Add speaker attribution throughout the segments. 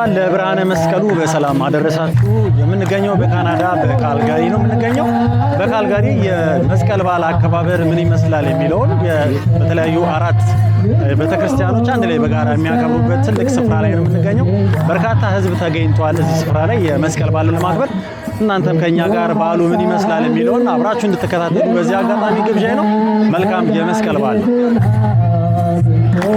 Speaker 1: እንኳን ለብርሃነ መስቀሉ በሰላም አደረሳችሁ። የምንገኘው በካናዳ በካልጋሪ ነው የምንገኘው። በካልጋሪ የመስቀል በዓል አከባበር ምን ይመስላል የሚለውን በተለያዩ አራት ቤተክርስቲያኖች አንድ ላይ በጋራ የሚያከብሩበት ትልቅ ስፍራ ላይ ነው የምንገኘው። በርካታ ሕዝብ ተገኝተዋል እዚህ ስፍራ ላይ የመስቀል በዓልን ለማክበር እናንተም ከኛ ጋር በዓሉ ምን ይመስላል የሚለውን አብራችሁ እንድትከታተሉ በዚህ አጋጣሚ ግብዣ ነው። መልካም የመስቀል በዓል ነው።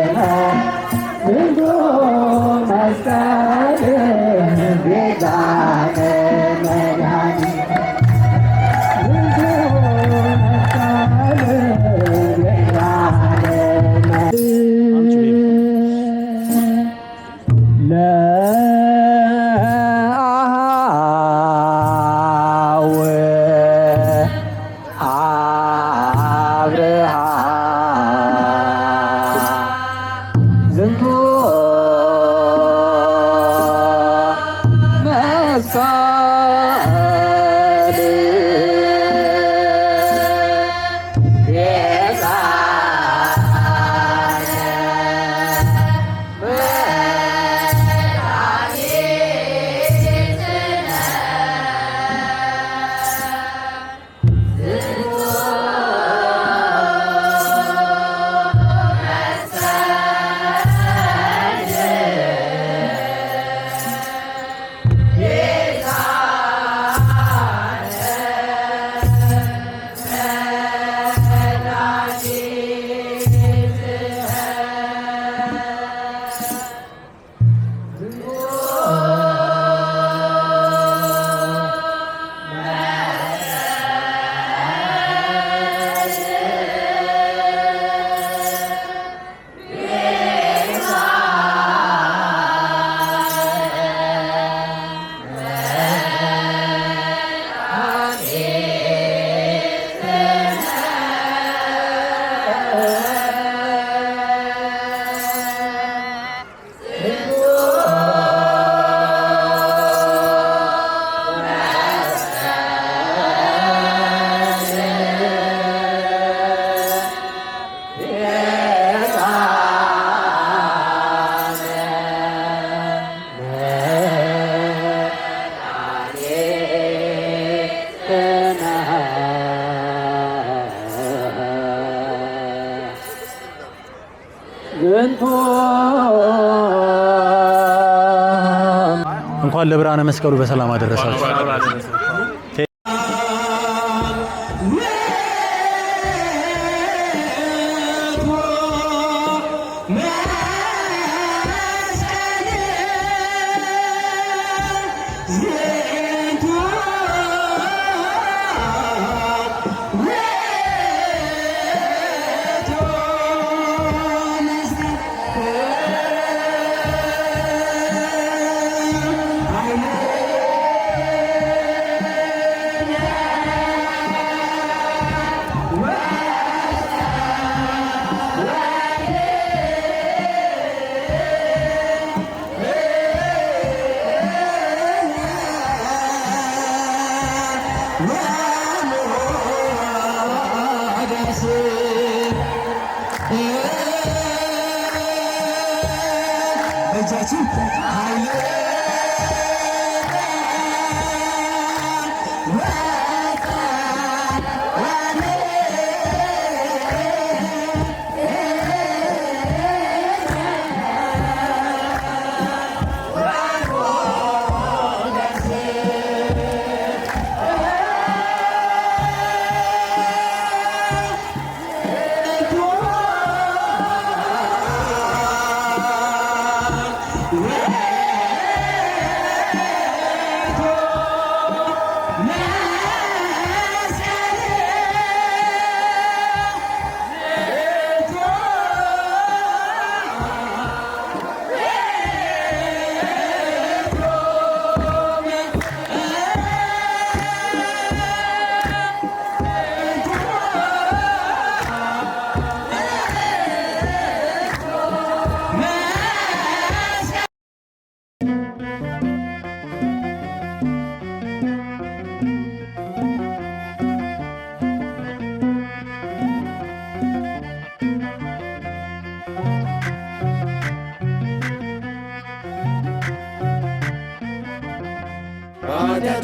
Speaker 1: እንኳን ለብርሃነ መስቀሉ በሰላም አደረሳችሁ።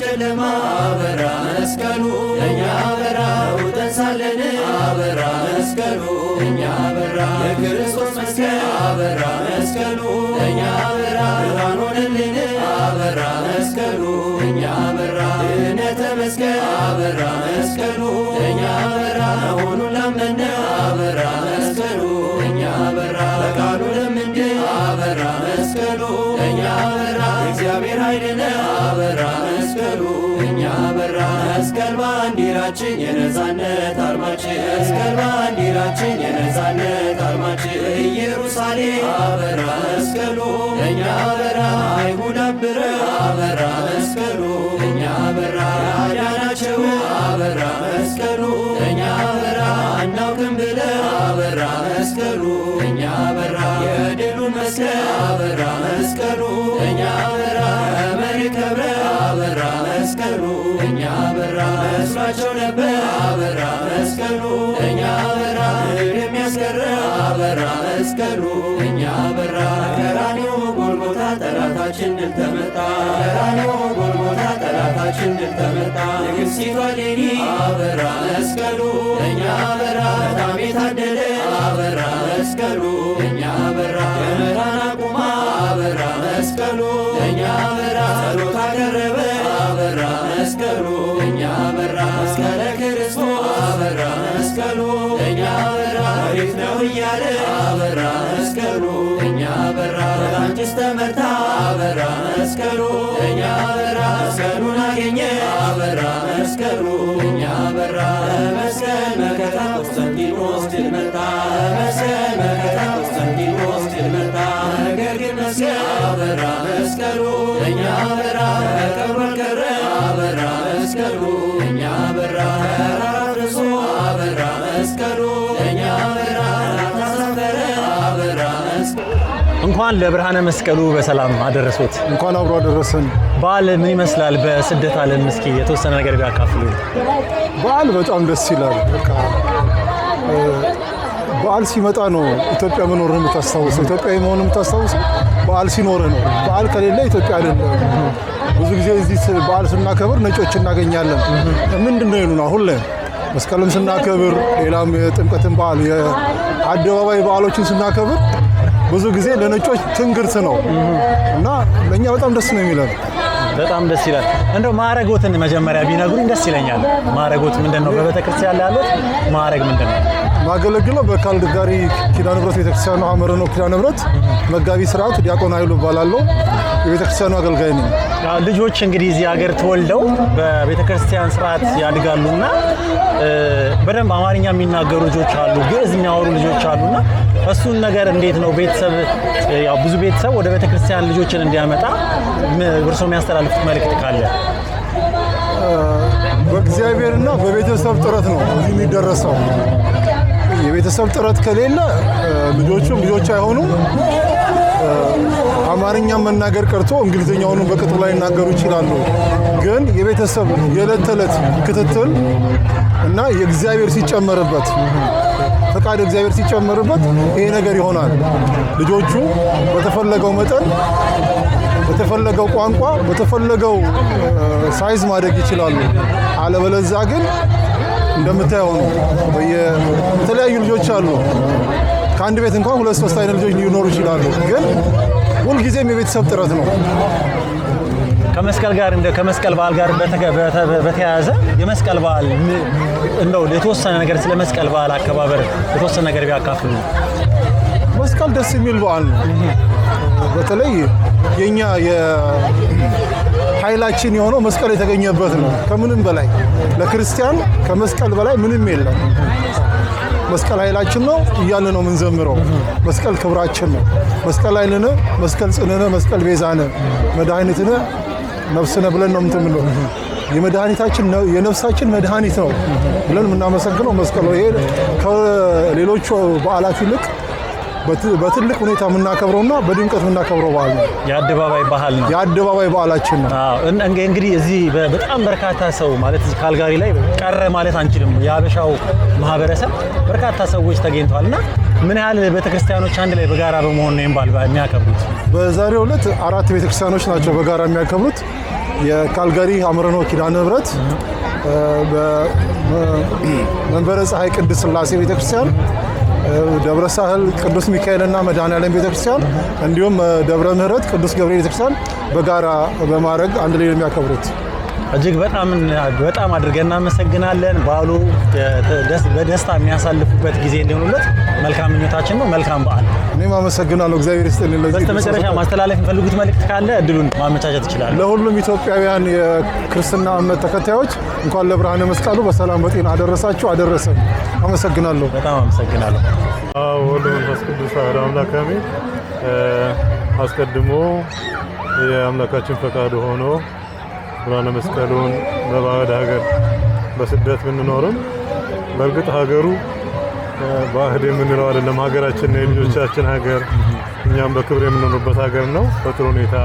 Speaker 1: ጨለማ አበራ መስቀሉ እኛ አበራ ውጠንሳለን አበራ መስቀሉ እኛ አበራ የክርስቶስ መስቀል አበራ መስቀሉ እኛ ሆነልን አበራ መስቀሉ እኛ በራ ድህነተ መስቀል አበራ መስቀሉ እኛ በራ መሆኑን ላመነ አበራ መስቀሉ እኛ በራ በቃሉ ለምንድ አበራ መስቀሉ እኛ በራ እግዚአብሔር ኃይልነ አበራ መስቀሉ እኛ በራ መስቀል ባንዲራችን የነፃነት አርማችን መስቀል ባንዲራችን የነፃነት አርማችን ምሳሌ አበራ መስቀሉ ለእኛ በራ አይሁድ አበራ መስቀሉ ለእኛ በራ ያዳናቸው አበራ አስገራ አበራ መስቀሉ እኛ በራ ቀራንዮ ጎልጎታ ጠላታችን ድል ተመታ ቀራንዮ ጎልጎታ ጠላታችን ድል ተመታ ንግሥቲቷ እሌኒ አበራ መስቀሉ እኛ በራ በጣም የታደለ አበራ መስቀሉ ነገሩ እኛ በራ መስቀል መከታ ቆስጠንጢኖስ ድል መጣ መስቀል መከታ ቆስጠንጢኖስ ድል መጣ ነገር ግን መስቀል በራ መስቀሉ እኛ በራ እንኳን ለብርሃነ መስቀሉ በሰላም አደረሶት።
Speaker 2: እንኳን አብሮ አደረሰን።
Speaker 1: በዓል ምን ይመስላል? በስደት ዓለም እስኪ የተወሰነ ነገር ቢያካፍሉ።
Speaker 2: በዓል በጣም ደስ ይላል። በዓል ሲመጣ ነው ኢትዮጵያ መኖርህ የምታስታውሰው፣ ኢትዮጵያዊ መሆን የምታስታውሰው በዓል ሲኖረ ነው። በዓል ከሌለ ኢትዮጵያ አይደለም። ብዙ ጊዜ እዚህ በዓል ስናከብር ነጮች እናገኛለን። ምንድን ነው ይሉን አሁን ላይ መስቀልም ስናከብር፣ ሌላም የጥምቀትን በዓል የአደባባይ በዓሎችን ስናከብር ብዙ ጊዜ ለነጮች ትንግርት ነው እና ለእኛ በጣም ደስ ነው የሚለን።
Speaker 1: በጣም ደስ ይላል። እንደው ማዕረጎትን መጀመሪያ ቢነግሩኝ ደስ ይለኛል። ማዕረጎት ምንድን ነው? በቤተክርስቲያን ላሉት ማዕረግ ምንድን ነው?
Speaker 2: ማገለግለው በካልድ ጋሪ ኪዳነ ምሕረት ቤተክርስቲያን ሐመረ ነው ኪዳነ ምሕረት መጋቢ ስርዓት ዲያቆን ኃይሉ እባላለሁ። የቤተክርስቲያኑ አገልጋይ ነኝ።
Speaker 1: ልጆች እንግዲህ እዚህ ሀገር ተወልደው በቤተክርስቲያን ስርዓት ያድጋሉና በደንብ አማርኛ የሚናገሩ ልጆች አሉ፣ ግዕዝ የሚያወሩ ልጆች አሉና እሱን ነገር እንዴት ነው ቤተሰብ ያው ብዙ ቤተሰብ ወደ ቤተክርስቲያን ልጆችን እንዲያመጣ እርሶ የሚያስተላልፉት መልእክት ካለ?
Speaker 2: በእግዚአብሔርና በቤተሰብ ጥረት ነው እዚህ የሚደረሰው። የቤተሰብ ጥረት ከሌለ ልጆቹም ልጆች አይሆኑም። አማርኛ መናገር ቀርቶ እንግሊዝኛውን በቅጡ ላይ ይናገሩ ይችላሉ። ግን የቤተሰብ የዕለት ተዕለት ክትትል እና የእግዚአብሔር ሲጨመርበት ፈቃድ እግዚአብሔር ሲጨመርበት ይሄ ነገር ይሆናል። ልጆቹ በተፈለገው መጠን በተፈለገው ቋንቋ በተፈለገው ሳይዝ ማደግ ይችላሉ። አለበለዛ ግን እንደምታየው ነው። የተለያዩ ልጆች አሉ። ከአንድ ቤት እንኳን ሁለት ሶስት አይነት ልጆች ሊኖሩ ይችላሉ። ግን ሁልጊዜም የቤተሰብ ጥረት ነው።
Speaker 1: ከመስቀል ጋር እንደ ከመስቀል በዓል ጋር በተያያዘ የመስቀል በዓል እንደው የተወሰነ ነገር ስለ መስቀል በዓል አከባበር የተወሰነ ነገር ቢያካፍሉ።
Speaker 2: መስቀል ደስ የሚል በዓል ነው። በተለይ የኛ ኃይላችን የሆነው መስቀል የተገኘበት ነው። ከምንም በላይ ለክርስቲያን ከመስቀል በላይ ምንም የለም። መስቀል ኃይላችን ነው እያለ ነው የምንዘምረው። መስቀል ክብራችን ነው። መስቀል ኃይልነ፣ መስቀል ጽንነ፣ መስቀል ቤዛነ፣ መድኃኒትነ ነፍስነ ብለን ነው ምትምለ የመድኃኒታችን የነፍሳችን መድኃኒት ነው ብለን የምናመሰግነው መስቀል ነው። ይሄ ከሌሎቹ በዓላት ይልቅ በትልቅ ሁኔታ የምናከብረውና በድምቀት የምናከብረው በዓል ነው።
Speaker 1: የአደባባይ በዓል ነው።
Speaker 2: የአደባባይ በዓላችን ነው።
Speaker 1: እንግዲህ እዚህ በጣም በርካታ ሰው ማለት ካልጋሪ ላይ ቀረ ማለት አንችልም። የሀበሻው ማህበረሰብ በርካታ ሰዎች ተገኝተዋል እና ምን ያህል ቤተክርስቲያኖች አንድ ላይ በጋራ በመሆን ነው በዓል የሚያከብሩት?
Speaker 2: በዛሬው ዕለት አራት ቤተክርስቲያኖች ናቸው በጋራ የሚያከብሩት የካልጋሪ አምረኖ ኪዳነ ምሕረት በመንበረ ፀሐይ ቅድስት ስላሴ ቤተክርስቲያን ደብረ ሳህል ቅዱስ ሚካኤልና መድኃኔዓለም ቤተክርስቲያን እንዲሁም ደብረ ምሕረት ቅዱስ ገብርኤል ቤተክርስቲያን በጋራ በማድረግ አንድ ላይ የሚያከብሩት።
Speaker 1: እጅግ በጣም በጣም አድርገን እናመሰግናለን። በዓሉ በደስታ የሚያሳልፉበት ጊዜ እንዲሆኑለት መልካም ምኞታችን ነው። መልካም በዓል።
Speaker 2: እኔም አመሰግናለሁ። እግዚአብሔር ይስጥልኝ።
Speaker 1: በስተመጨረሻ ማስተላለፍ የሚፈልጉት መልእክት ካለ እድሉን ማመቻቸት ይችላል።
Speaker 2: ለሁሉም ኢትዮጵያውያን የክርስትና እምነት ተከታዮች እንኳን ለብርሃነ መስቀሉ በሰላም በጤና አደረሳችሁ አደረሰን። አመሰግናለሁ።
Speaker 1: በጣም አመሰግናለሁ።
Speaker 3: ወደ መንፈስ ቅዱስ አሐዱ አምላክ አሜን። አስቀድሞ የአምላካችን ፈቃድ ሆኖ ብርሃነ መስቀሉን በባዕድ ሀገር በስደት ብንኖርም በእርግጥ ሀገሩ ባህድ የምንለው አይደለም። ሀገራችን ነው፣ የልጆቻችን ሀገር፣ እኛም በክብር የምንኖርበት ሀገር ነው። በጥሩ ሁኔታ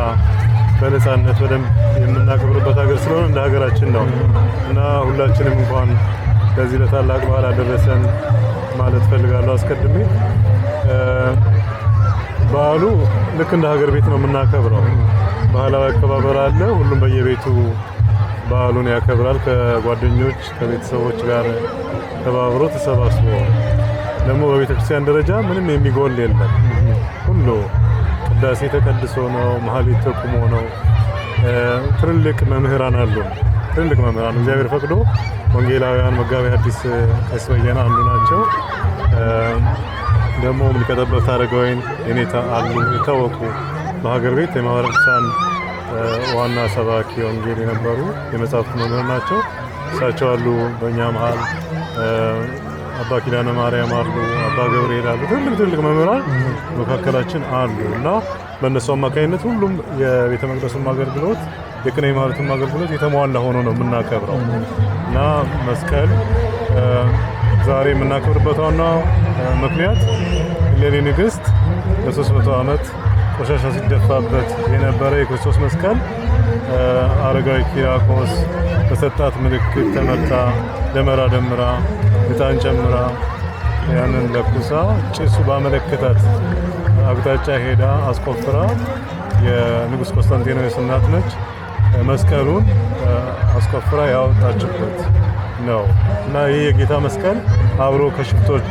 Speaker 3: በነፃነት በደንብ የምናከብርበት ሀገር ስለሆነ እንደ ሀገራችን ነው እና ሁላችንም እንኳን ለዚህ ለታላቅ በዓል አደረሰን ማለት ፈልጋለሁ አስቀድሜ። በዓሉ ልክ እንደ ሀገር ቤት ነው የምናከብረው። ባህላዊ አከባበር አለ። ሁሉም በየቤቱ በዓሉን ያከብራል። ከጓደኞች ከቤተሰቦች ጋር ተባብሮ ተሰባስቦ ደግሞ በቤተክርስቲያን ደረጃ ምንም የሚጎል የለም። ሁሉ ቅዳሴ ተቀድሶ ነው፣ መሀል ተቁሞ ነው። ትልልቅ መምህራን አሉ። ትልልቅ መምህራን እግዚአብሔር ፈቅዶ ወንጌላውያን መጋቢ አዲስ ቀሲስ አንዱ ናቸው። ደግሞ ሊቀ አረጋዊን የኔታ አሉ የታወቁ በሀገር ቤት የማኅበረ ቅዱሳን ዋና ሰባኪ ወንጌል የነበሩ የመጽሐፍት መምህር ናቸው። እሳቸው አሉ፣ በእኛ መሀል አባ ኪዳነ ማርያም አሉ፣ አባ ገብርኤል አሉ። ትልቅ ትልቅ መምህራን መካከላችን አሉ እና በእነሱ አማካኝነት ሁሉም የቤተ መቅደሱም አገልግሎት የቅኔ ማኅበረቱም አገልግሎት የተሟላ ሆኖ ነው የምናከብረው እና መስቀል ዛሬ የምናከብርበት ዋና ምክንያት ሌሊ ንግሥት ለ300 ዓመት ቆሻሻ ሲደፋበት የነበረ የክርስቶስ መስቀል አረጋዊ ኪራኮስ በሰጣት ምልክት ተመታ። ደመራ ደምራ እጣን ጨምራ ያንን ለኩሳ ጭሱ ባመለከታት አቅጣጫ ሄዳ አስቆፍራ የንጉስ ቆስጠንጢኖስ እናት ነች። መስቀሉን አስቆፍራ ያወጣችበት ነው እና ይህ የጌታ መስቀል አብሮ ከሽፍቶች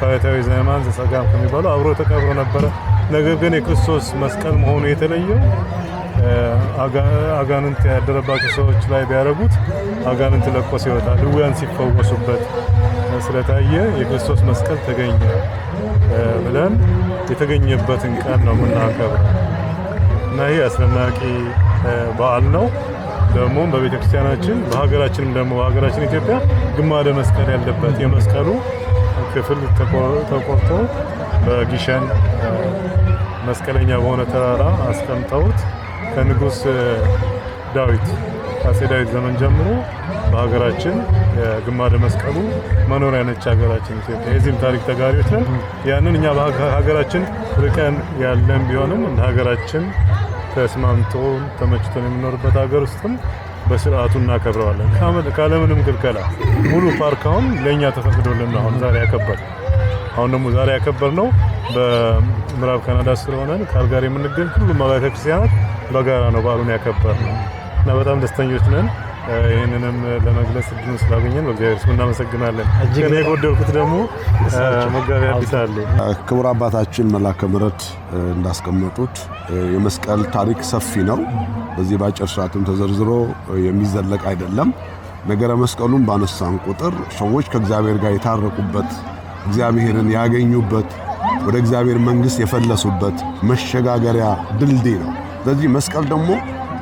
Speaker 3: ከፋታዊ ዘማን ዘጸጋም ከሚባሉ አብሮ ተቀብሮ ነበረ። ነገር ግን የክርስቶስ መስቀል መሆኑ የተለየው አጋንንት ያደረባቸው ሰዎች ላይ ቢያደርጉት አጋንንት ለቆስ ሲወጣ እውያን ሲፈወሱበት ስለታየ የክርስቶስ መስቀል ተገኘ ብለን የተገኘበትን ቀን ነው የምናከብረው እና ይህ አስደናቂ በዓል ነው። ደግሞ በቤተክርስቲያናችን በሀገራችንም ደግሞ በሀገራችን ኢትዮጵያ ግማደ መስቀል ያለበት የመስቀሉ ክፍል ተቆርጦ በጊሸን መስቀለኛ በሆነ ተራራ አስቀምጠውት ከንጉስ ዳዊት ከአፄ ዳዊት ዘመን ጀምሮ በሀገራችን የግማደ መስቀሉ መኖሪያ ነች ሀገራችን ኢትዮጵያ። የዚህም ታሪክ ተጋሪዎች ነን። ያንን እኛ በሀገራችን ርቀን ያለን ቢሆንም እንደ ሀገራችን ተስማምቶ ተመችቶን የምኖርበት ሀገር ውስጥም በስርዓቱ እናከብረዋለን ካለምንም ክልከላ ሙሉ ፓርክ አሁን ለእኛ ተፈቅዶልን አሁን ዛሬ ያከበር አሁን ደግሞ ዛሬ ያከበር ነው በምዕራብ ካናዳ ስለሆነ ካልጋሪ የምንገኝ ሁሉም አብያተ ክርስቲያናት በጋራ ነው በዓሉን ያከበር ነው እና በጣም ደስተኞች ነን። ይህንንም ለመግለጽ እድሉን ስላገኘን በእግዚአብሔር ስም እናመሰግናለን። እኔ የጎደልኩት ደግሞ መጋቢ አዲስ አሉ።
Speaker 2: ክቡር አባታችን መላከ ምሕረት እንዳስቀመጡት የመስቀል ታሪክ ሰፊ ነው። በዚህ በአጭር ሰዓትም ተዘርዝሮ የሚዘለቅ አይደለም። ነገረ መስቀሉን ባነሳን ቁጥር ሰዎች ከእግዚአብሔር ጋር የታረቁበት፣ እግዚአብሔርን ያገኙበት፣ ወደ እግዚአብሔር መንግሥት የፈለሱበት መሸጋገሪያ ድልድይ ነው። ስለዚህ መስቀል ደግሞ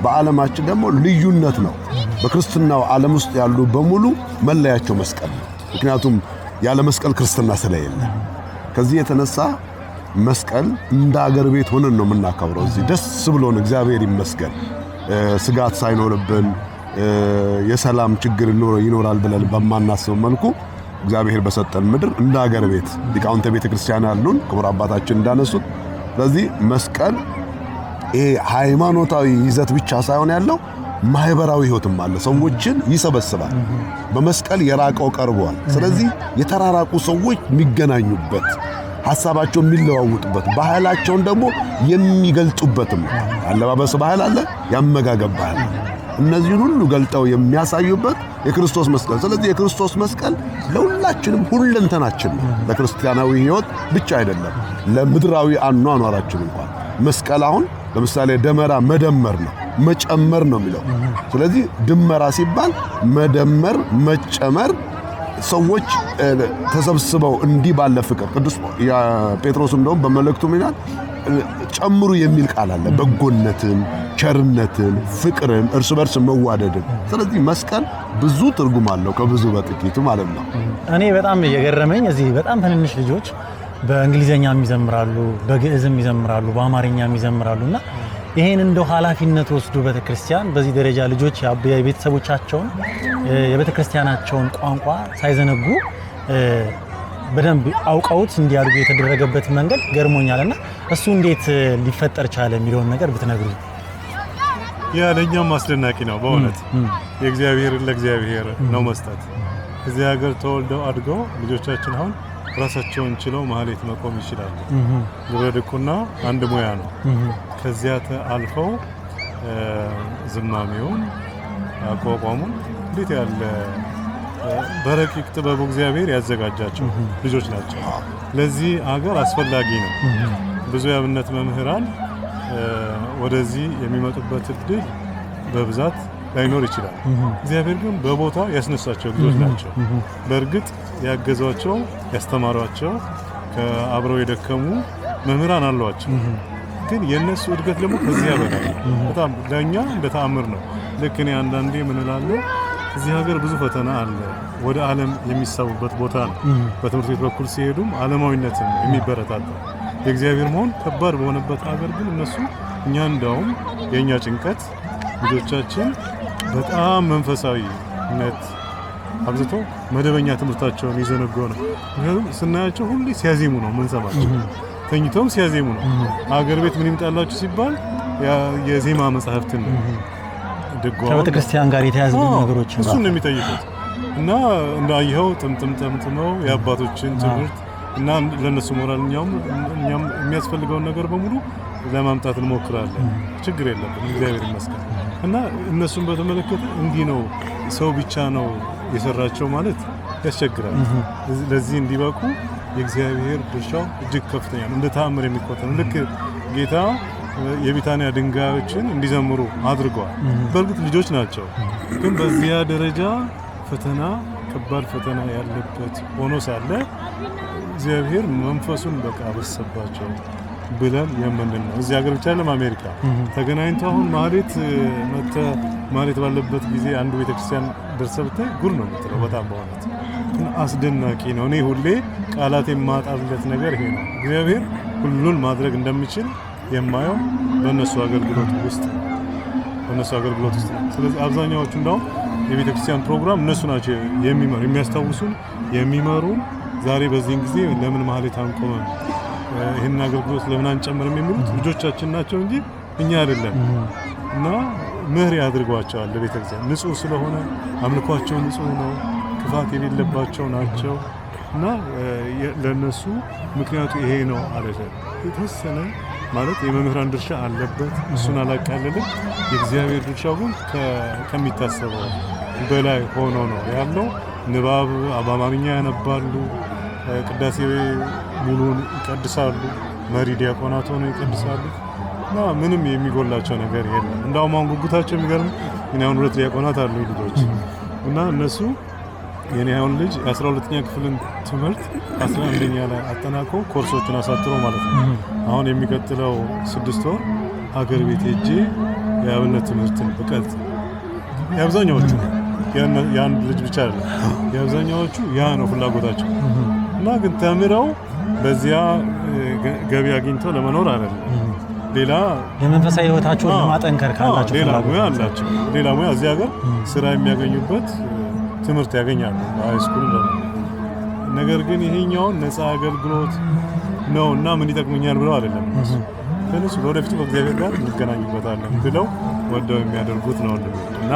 Speaker 2: በዓለማችን ደግሞ ልዩነት ነው። በክርስትናው ዓለም ውስጥ ያሉ በሙሉ መለያቸው መስቀል ነው። ምክንያቱም ያለ መስቀል ክርስትና ስለሌለ ከዚህ የተነሳ መስቀል እንደ አገር ቤት ሆነን ነው የምናከብረው። እዚህ ደስ ብሎን እግዚአብሔር ይመስገን ስጋት ሳይኖርብን የሰላም ችግር ይኖራል ብለን በማናስብ መልኩ እግዚአብሔር በሰጠን ምድር እንደ አገር ቤት ሊቃውንተ ቤተ ክርስቲያን ያሉን ክቡር አባታችን እንዳነሱት ስለዚህ መስቀል ይሄ ሃይማኖታዊ ይዘት ብቻ ሳይሆን ያለው ማህበራዊ ህይወትም አለ። ሰዎችን ይሰበስባል። በመስቀል የራቀው ቀርቧል። ስለዚህ የተራራቁ ሰዎች የሚገናኙበት ሀሳባቸው የሚለዋውጡበት ባህላቸውን ደግሞ የሚገልጡበትም አለባበስ ባህል አለ፣ ያመጋገብ ባህል አለ። እነዚህን ሁሉ ገልጠው የሚያሳዩበት የክርስቶስ መስቀል። ስለዚህ የክርስቶስ መስቀል ለሁላችንም ሁለንተናችን ነው። ለክርስቲያናዊ ህይወት ብቻ አይደለም፣ ለምድራዊ አኗኗራችን እንኳን መስቀል አሁን ለምሳሌ ደመራ መደመር ነው መጨመር ነው የሚለው። ስለዚህ ድመራ ሲባል መደመር፣ መጨመር ሰዎች ተሰብስበው እንዲህ ባለ ፍቅር ቅዱስ ጴጥሮስ እንደውም በመልእክቱ ምናል ጨምሩ የሚል ቃል አለ። በጎነትን፣ ቸርነትን፣ ፍቅርን፣ እርስ በርስ መዋደድን። ስለዚህ መስቀል ብዙ ትርጉም አለው ከብዙ በጥቂቱ ማለት ነው።
Speaker 1: እኔ በጣም የገረመኝ እዚህ በጣም ትንንሽ ልጆች በእንግሊዘኛም ይዘምራሉ፣ በግዕዝም ይዘምራሉ፣ በአማርኛም ይዘምራሉ እና ይሄን እንደው ኃላፊነት ወስዱ ቤተክርስቲያን በዚህ ደረጃ ልጆች የቤተሰቦቻቸውን የቤተክርስቲያናቸውን ቋንቋ ሳይዘነጉ በደንብ አውቀውት እንዲያድጉ የተደረገበት መንገድ ገርሞኛል እና እሱ እንዴት ሊፈጠር ቻለ የሚለውን ነገር ብትነግሩ።
Speaker 3: ያ ለእኛም አስደናቂ ነው በእውነት የእግዚአብሔርን ለእግዚአብሔር ነው መስጠት። እዚህ ሀገር ተወልደው አድገው ልጆቻችን አሁን ራሳቸውን ችለው ማህሌት መቆም ይችላሉ። ግብረ አንድ ሙያ ነው። ከዚያ አልፈው ዝማሜውን፣ አቋቋሙን እንዴት ያለ በረቂቅ ጥበቡ እግዚአብሔር ያዘጋጃቸው ልጆች ናቸው። ለዚህ አገር አስፈላጊ ነው። ብዙ የአብነት መምህራን ወደዚህ የሚመጡበት እድል በብዛት ላይኖር ይችላል። እግዚአብሔር ግን በቦታው ያስነሳቸው ልጆች ናቸው። በእርግጥ ያገዟቸው ያስተማሯቸው ከአብረው የደከሙ መምህራን አሏቸው። ግን የእነሱ እድገት ደግሞ ከዚህ በላይ በጣም ለእኛ እንደ ተአምር ነው። ልክ እኔ አንዳንዴ ምን እዚህ ሀገር ብዙ ፈተና አለ። ወደ ዓለም የሚሳቡበት ቦታ ነው። በትምህርት ቤት በኩል ሲሄዱም ዓለማዊነትን የሚበረታታ የእግዚአብሔር መሆን ከባድ በሆነበት ሀገር ግን እነሱ እኛ እንዳውም የእኛ ጭንቀት ልጆቻችን በጣም መንፈሳዊነት አብዝቶ መደበኛ ትምህርታቸውን የዘነጋው ነው። ምክንያቱም ስናያቸው ሁሌ ሲያዜሙ ነው ምንሰማቸው፣ ተኝተውም ሲያዜሙ ነው። አገር ቤት ምን ይምጣላችሁ ሲባል የዜማ መጽሐፍትን
Speaker 1: ከቤተ ጋር የተያዙ ነገሮች
Speaker 3: እሱን ነው የሚጠይቁት። እና እንዳየኸው ጥምጥም ጠምጥመው የአባቶችን ትምህርት እና ለእነሱ ሞራል እኛም የሚያስፈልገውን ነገር በሙሉ ለማምጣት እንሞክራለን። ችግር የለብን፣ እግዚአብሔር ይመስገን። እና እነሱን በተመለከተ እንዲህ ነው ሰው ብቻ ነው የሰራቸው ማለት ያስቸግራል። ለዚህ እንዲበቁ የእግዚአብሔር ድርሻው እጅግ ከፍተኛ ነው፣ እንደ ተአምር የሚቆጠር ልክ ጌታ የቢታንያ ድንጋዮችን እንዲዘምሩ አድርገዋል። በእርግጥ ልጆች ናቸው፣ ግን በዚያ ደረጃ ፈተና ከባድ ፈተና ያለበት ሆኖ ሳለ እግዚአብሔር መንፈሱን በቃ አበሰባቸው ብለን የምንል ነው። እዚህ ሀገር ብቻ ለም አሜሪካ ተገናኝቶ ። አሁን ማህሌት መተ ማለት ባለበት ጊዜ አንዱ ቤተክርስቲያን ደርሰ ብታይ ጉር ነው የምትለው። በጣም በእውነት አስደናቂ ነው። እኔ ሁሌ ቃላት የማጣለት ነገር ይሄ ነው። እግዚአብሔር ሁሉን ማድረግ እንደሚችል የማየው በእነሱ አገልግሎት ውስጥ በእነሱ አገልግሎት ውስጥ ነው። ስለዚህ አብዛኛዎቹ እንዳሁም የቤተክርስቲያን ፕሮግራም እነሱ ናቸው የሚመሩ የሚያስታውሱን፣ የሚመሩን ዛሬ በዚህን ጊዜ ለምን ማህሌት አንቆመም ይህን አገልግሎት ለምን አንጨምርም የሚሉት ልጆቻችን ናቸው እንጂ እኛ አይደለም እና ምህሪ አድርጓቸዋል ክርስቲያን። ንጹህ ስለሆነ አምልኳቸው ንጹህ ነው፣ ክፋት የሌለባቸው ናቸው እና ለነሱ ምክንያቱ ይሄ ነው አለች። የተወሰነ ማለት የመምህራን ድርሻ አለበት፣ እሱን አላቃለልም። የእግዚአብሔር ድርሻ ግን ከሚታሰበው በላይ ሆኖ ነው ያለው። ንባብ በአማርኛ ያነባሉ፣ ቅዳሴ ሙሉን ይቀድሳሉ፣ መሪ ዲያቆናት ሆነው ይቀድሳሉ። እና ምንም የሚጎላቸው ነገር የለም። እንዳውም አሁን ጉጉታቸው የሚገርም እኔ አሁን ሁለት ዲያቆናት አሉ ልጆች እና እነሱ የኔ አሁን ልጅ የአስራ ሁለተኛ ክፍልን ትምህርት አስራ አንደኛ ላይ አጠናቆ ኮርሶችን አሳትሮ ማለት ነው። አሁን የሚቀጥለው ስድስት ወር ሀገር ቤት ሄጄ የአብነት ትምህርትን ብቀልጥ የአብዛኛዎቹ የአንድ ልጅ ብቻ አይደለም የአብዛኛዎቹ ያ ነው ፍላጎታቸው እና ግን ተምረው በዚያ ገቢ አግኝተው ለመኖር አይደለም ሌላ
Speaker 1: የመንፈሳዊ ህይወታቸውን ለማጠንከር ካላቸው
Speaker 3: ሌላ ሙያ አላቸው። ሌላ ሙያ እዚህ ሀገር ስራ የሚያገኙበት ትምህርት ያገኛሉ ሃይስኩል። ነገር ግን ይሄኛውን ነፃ አገልግሎት ነው እና ምን ይጠቅመኛል ብለው አይደለም ትንሱ ለወደፊቱ ከእግዚአብሔር ጋር እንገናኝበታለን ብለው ወደው የሚያደርጉት ነው እና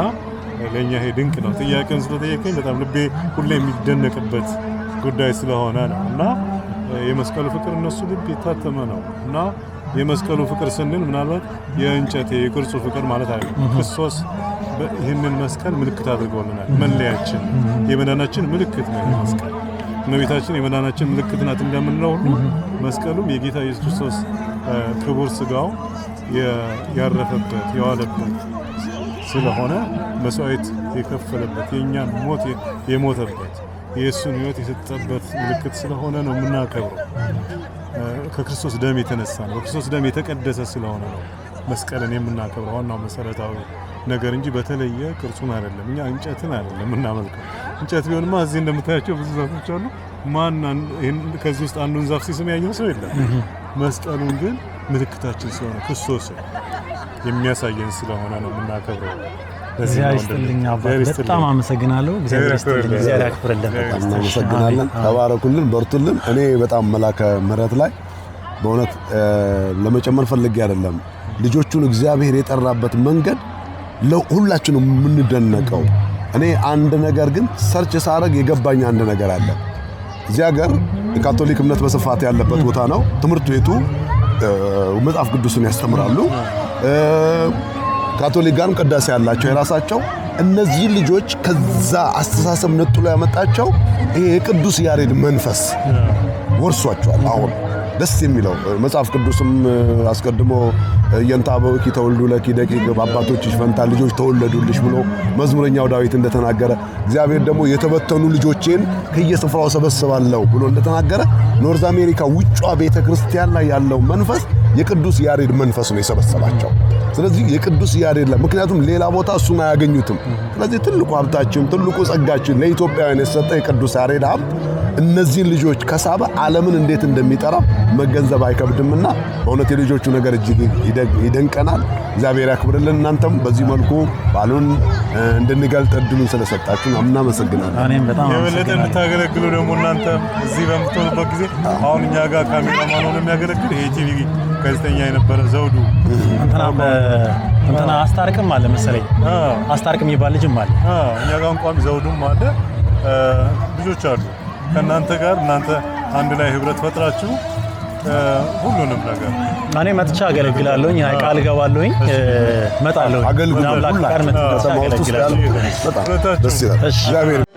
Speaker 3: ለእኛ ይሄ ድንቅ ነው። ጥያቄውን ስለጠየቀኝ በጣም ልቤ ሁሌ የሚደነቅበት ጉዳይ ስለሆነ ነው እና የመስቀሉ ፍቅር እነሱ ልብ የታተመ ነው እና የመስቀሉ ፍቅር ስንል ምናልባት የእንጨት የቅርጹ ፍቅር ማለት አለ። ክርስቶስ ይህንን መስቀል ምልክት አድርገውልናል መለያችን የመዳናችን ምልክት ነው መስቀል። እመቤታችን የመዳናችን ምልክት ናት እንደምንለው ሁሉ መስቀሉም የጌታ ኢየሱስ ክርስቶስ ክቡር ስጋው ያረፈበት የዋለበት ስለሆነ መስዋዕት የከፈለበት የእኛን ሞት የሞተበት የእሱን ሕይወት የሰጠበት ምልክት ስለሆነ ነው የምናከብረው። ከክርስቶስ ደም የተነሳ ነው። በክርስቶስ ደም የተቀደሰ ስለሆነ ነው መስቀልን የምናከብረው ዋናው መሰረታዊ ነገር እንጂ በተለየ ቅርጹን አይደለም። እኛ እንጨትን አይደለም እናመልከው። እንጨት ቢሆንማ እዚህ እንደምታያቸው ብዙ ዛፎች አሉ። ማን ከዚህ ውስጥ አንዱን ዛፍ ሲስም ያየው ሰው የለም። መስቀሉን ግን ምልክታችን ስለሆነ ክርስቶስን የሚያሳየን ስለሆነ ነው የምናከብረው።
Speaker 1: እግዚአብሔር ይስጥልኝ አባት፣ በጣም አመሰግናለሁ። እግዚአብሔር ይስጥልኝ፣ እግዚአብሔር ያክብርልን። በጣም
Speaker 2: አመሰግናለን። ተባረኩልን፣ በርቱልን። እኔ በጣም መላከ ምሕረት ላይ በእውነት ለመጨመር ፈልጌ አይደለም። ልጆቹን እግዚአብሔር የጠራበት መንገድ ለሁላችን የምንደነቀው። እኔ አንድ ነገር ግን ሰርች ሳረግ የገባኝ አንድ ነገር አለ። እዚህ ሀገር የካቶሊክ እምነት በስፋት ያለበት ቦታ ነው። ትምህርት ቤቱ መጽሐፍ ቅዱስን ያስተምራሉ። ካቶሊካን ቅዳሴ ያላቸው የራሳቸው እነዚህ ልጆች ከዛ አስተሳሰብ ነጥሎ ያመጣቸው ይሄ የቅዱስ ያሬድ መንፈስ ወርሷቸዋል። አሁን ደስ የሚለው መጽሐፍ ቅዱስም አስቀድሞ እየንታበው ተወልዱ ለኪ ደቂቅ በአባቶችሽ ፈንታ ልጆች ተወለዱልሽ ብሎ መዝሙረኛው ዳዊት እንደተናገረ እግዚአብሔር ደግሞ የተበተኑ ልጆቼን ከየስፍራው ሰበስባለሁ ብሎ እንደተናገረ ኖርዝ አሜሪካ ውጯ ቤተ ክርስቲያን ላይ ያለው መንፈስ የቅዱስ ያሬድ መንፈስ ነው የሰበሰባቸው። ስለዚህ የቅዱስ ያሬድ ላይ ምክንያቱም ሌላ ቦታ እሱን አያገኙትም። ስለዚህ ትልቁ ሀብታችን ትልቁ ጸጋችን ለኢትዮጵያውያን የተሰጠ የቅዱስ ያሬድ ሀብት እነዚህን ልጆች ከሳበ ዓለምን እንዴት እንደሚጠራ መገንዘብ አይከብድምና በእውነት የልጆቹ ነገር እጅግ ይደንቀናል። እግዚአብሔር ያክብርልን። እናንተም በዚህ መልኩ ባሉን እንድንገልጥ እድሉን ስለሰጣችሁ እናመሰግናለን።
Speaker 3: የበለጠ እንድታገለግሉ ደግሞ እናንተ እዚህ በምትሆኑበት ጊዜ አሁን እኛ ጋር ካሜራማን ሆነ የሚያገለግል ይሄ ቲቪ ጋዜጠኛ የነበረ ዘውዱ
Speaker 1: እንትና አስታርቅም አለ መሰለኝ፣ አስታርቅም የሚባል ልጅም አለ፣
Speaker 3: እኛ ጋር እንኳን ዘውዱም አለ። ልጆች አሉ ከእናንተ ጋር እናንተ አንድ ላይ ህብረት ፈጥራችሁ ሁሉንም ነገር
Speaker 1: እኔ መጥቻ አገለግላለሁኝ፣ ቃል ገባለሁኝ፣ መጣለሁ።
Speaker 2: አገልግሎት ሁሉ ሁላችሁ ተሰማውት ውስጥ በጣም ደስ ይላል።